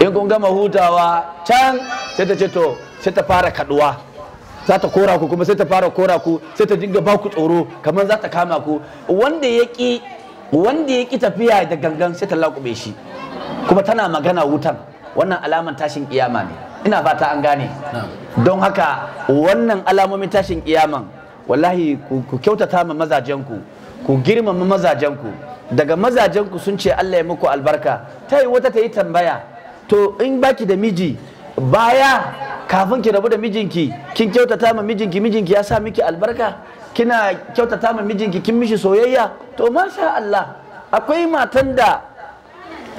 in kun gama hutawa can sai ta ce to sai ta fara kaduwa za ta kora ku kuma sai ta fara kora ku sai ta dinga ba ku tsoro kamar za ta kama ku wanda ya ki tafiya da gangan sai ta laƙube shi kuma tana magana wutan wannan alaman tashin kiyama ne ina fata an gane don haka wannan alamomin tashin kiyaman wallahi ku kyautata ma mazajenku ku girmama mazajenku daga mazajenku sun ce Allah ya muku albarka ta yi wata ta yi tambaya to in baki da miji baya kafin ki rabu da mijinki kin kyautata ma mijinki mijinki ya sa miki albarka kina kyautata ma mijinki kin mishi soyayya to masha Allah akwai matan da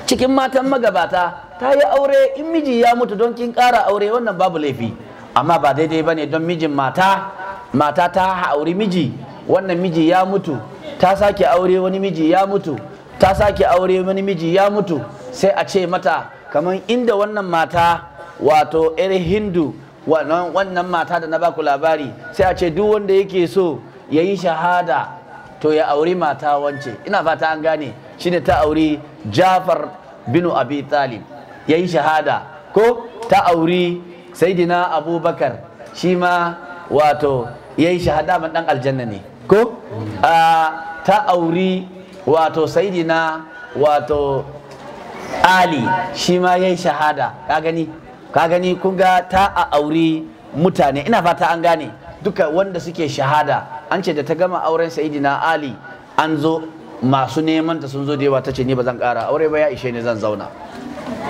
cikin matan magabata ta yi aure in miji ya mutu don kin ƙara aure wannan babu laifi amma ba daidai ba ne don mijin mata mata ta auri miji wannan miji ya mutu ta sake aure wani miji ya mutu ta sake aure wani miji ya mutu sai a ce mata kamar inda wannan mata wato yar hindu wannan mata da na baku labari sai a ce duk wanda yake so ya yi shahada to ya auri mata wance ina fata an gane shine ta auri jafar binu abi talib ya yi shahada ko ta auri saidina abubakar shi ma wato ya yi shahada man dan aljanna ne ko ta auri wato saidina wato ali shi ma yi shahada ka gani ka gani kun ga ta a auri mutane ina fata an gane duka wanda suke shahada an ce da ta gama auren Saidina ali an zo masu neman ta sun zo da yawa ta ce ni ba zan kara aure ba ya ishe ni zan zauna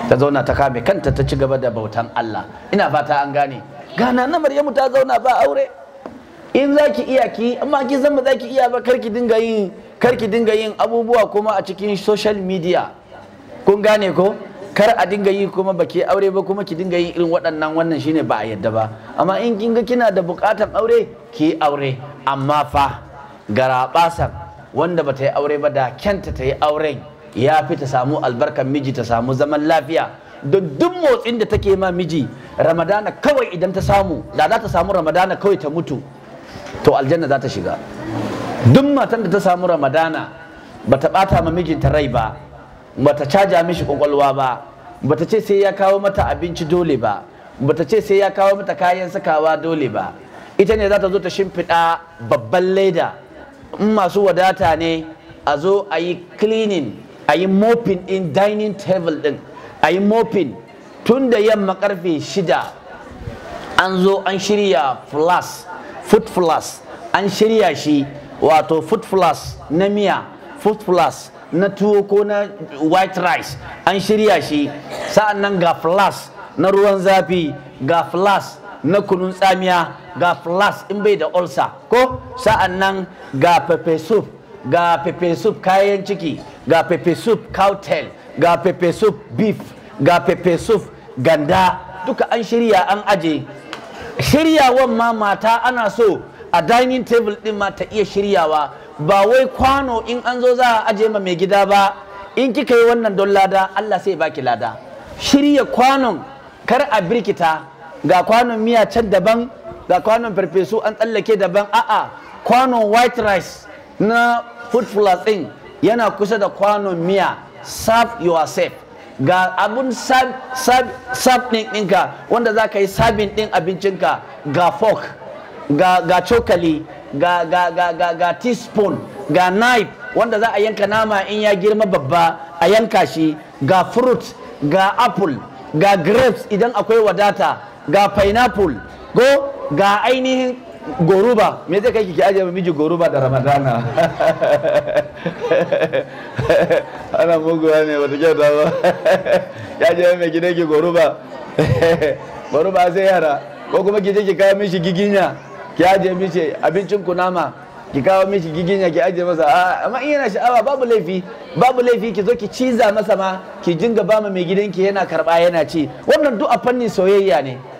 ta zauna ta kame kanta ta ci gaba da bautan Allah ina fata an gane gana na Maryamu ta zauna ba aure in zaki iya ki amma ki zan ba zaki iya ba karki dinga yin karki dinga yin abubuwa kuma a cikin social media kun gane ko kar a dinga yi kuma baki aure ba kuma ki dinga yi irin waɗannan wannan shine ba a yadda ba amma in kin ga kina da buƙatar aure ki yi aure amma fa garaɓasan wanda ba ta yi aure ba da kyanta ta yi auren ya fi ta samu albarkar miji ta samu zaman lafiya duk duk motsin da take ma miji ramadana kawai idan ta samu da za ta samu ramadana kawai ta mutu to aljanna za ta shiga duk matan da ta samu ramadana ba bata ɓata ma mijinta rai ba bata caja mishi kwakwalwa ba bata ce sai ya kawo mata abinci dole ba bata ce sai ya kawo mata kayan sakawa dole ba ita ne za ta zo ta shimfiɗa babban leda in masu wadata ne a zo a yi cleaning a yi mopping in dining table din a yi mopping tun da yamma karfe shida an zo an shirya flas food flas an shirya shi wato food flas na miya food flas na tuwo ko na white rice an shirya shi sa'an nan ga flas na ruwan zafi ga flas na kunun tsamiya ga flas in bai da ulcer ko sa'an nan ga pepe soup ga pepe soup kayan ciki ga pepe soup cowtail ga pepe soup beef ga pepe soup ganda duka an shirya an aje shiryawan ma mata ana so a dining table din ma ta iya shiryawa ba wai kwano in an zo za a aje ma mai gida ba in kika yi wannan don lada Allah sai ba ki lada shirya kwanon kar a birkita ga kwanon miya can daban ga kwanon farfesu an tsallake daban a'a kwanon white rice na food plus din yana kusa da kwanon miya serve yourself ga abun sab ɗin dinka wanda za ka yi sabin ɗin abincinka ga fork ga cokali ga ga ga ga ga teaspoon ga knife wanda za a yanka nama in ya girma babba a yanka shi ga fruit ga apple ga grapes idan akwai wadata ga pineapple go ga ainihin goruba me zai kai kike ajiye miji goruba da ramadana ana muguwa ne wata kyauta ba ya je mai gidan ki goruba goruba sai yara ko kuma ki je ki kawo mishi giginya ki ajiye mishi abincin kunama ki kawo mishi giginya ki ajiye masa amma in yana sha'awa babu laifi babu laifi ki zo ki ciza masa ma ki jinga bama mai gidanki yana karba yana ci wannan duk a fannin soyayya ne